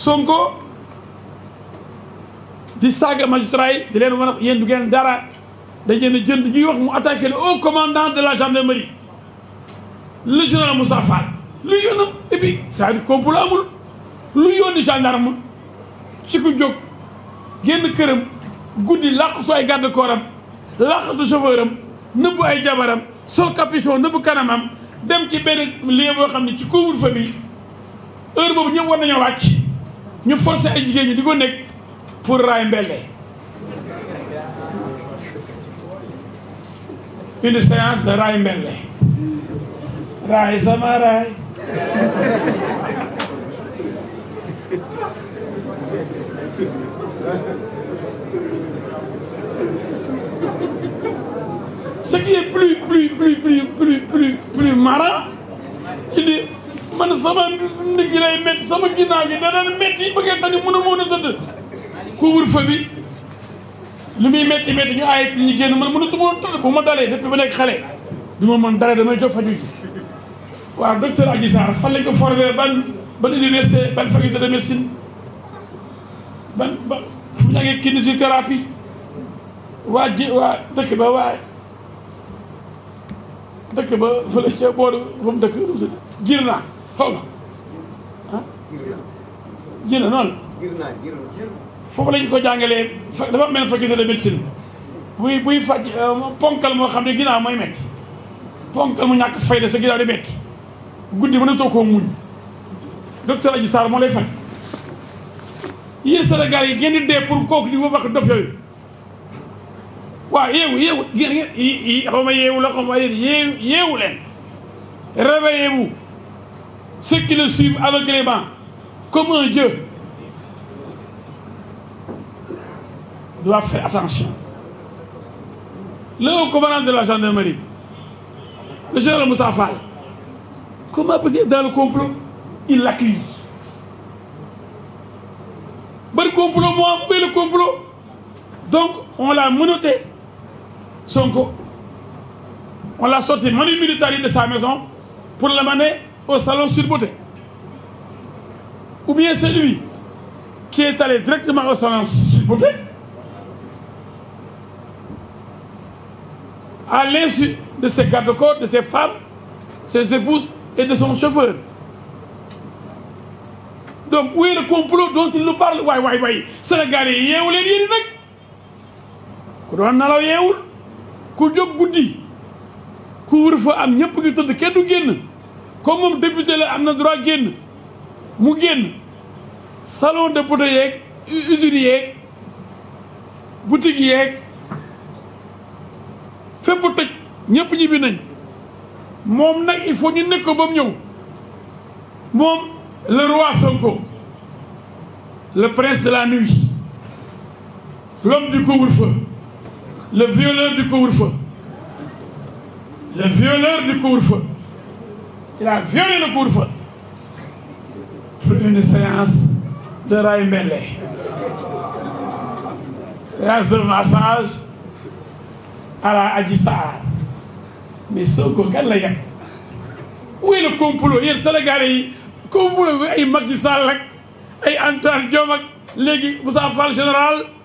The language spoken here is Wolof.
Sonko di saaga magistrat yi di leen wan yéen du ngeen dara dañ leen jënd ñuy wax mu attaqué le haut commandant de la gendarmerie le général Moussa Fall lu yoonam et puis c'est-à-dire complot amul lu yooni gendarme ci ku jóg génn këram guddi làqatu ay garde corps am làqatu chauffeur am nëbbu ay jabaram sol capuchon nëbbu kanamam dem ci benn lieu boo xam ne ci couvre-feu bi heure boobu ñëpp war nañoo wàcc ñu forcé ay jigéen ñi di ko nekk pour raay mbelle une de raay mbelle raay sama raay ce qui est plus plus plus plus plus plus man sama ndigg lay métti sama ginnaaw gi da daan métti ba ngeen xam ne mën a mën a tëdd couvre-feu lu muy métti métti ñu aay ñu génn man mënatu ma tëdd bu ma dalee depuis ba du ma mën dara damay jox faju ji waaw docteur Adji Sarr fan lañ ko formé ban ban université ban faculté de médecine ban ba fu mu jàngee kinésithérapie waa dëkk ba waa dëkk ba fële ca booru fa dëkk jir naa xaw ma noonu. foofu la ñu ko jàngalee dafa mel faj euh, ponkal moo xam ne ginnaaw mooy ñàkk fayda sa ginnaaw di metti guddi mënatoo koo muñ docteur Adji moo lay faj yéen Sénégal yi génn dee pour kooku di wax dof yooyu waaw yeewu yeewu yeewu leen réveillez ceux qui le suivent aveuglément, comme un Dieu, doivent faire attention. Le commandant de la gendarmerie, le général Moussa Fall, comment peut dans le complot Il l'accuse. Bon complot, moi, mais le complot. Donc, on l'a menotté, Sonko. On l'a sorti manu militaire de sa maison pour l'amener au salon Sud Beauté ou bien c'est lui qui est allé directement au salon Sud Beauté à l'insu de ses gardes-corps, de ses et de son chauffeur. donc où est complot dont il parle waay waay waay Sénégalais yi yeewu leen yéen nag ku doon nalaw yeewul ku jóg guddi ku wër fa am ñëpp ngi tëdd kenn du génn. comme moom député am na droit génn mu génn salon de poteau yeeg usines yeeg boutique yeeg tëj ñëpp ñibbi nañ moom nag il faut ñu nekk ko ba mu ñëw moom le roi Sonko le prince de la nuit l'homme du kowul feu le violeur du couvre-feu le violeur du couvre-feu il a violé le couvre-feu pour une séance de ray séance de massage à la Adji Sarr mais Sonko le complot yéen Sénégalais yi complot bi ay Macky Antoine Diome ak léegi général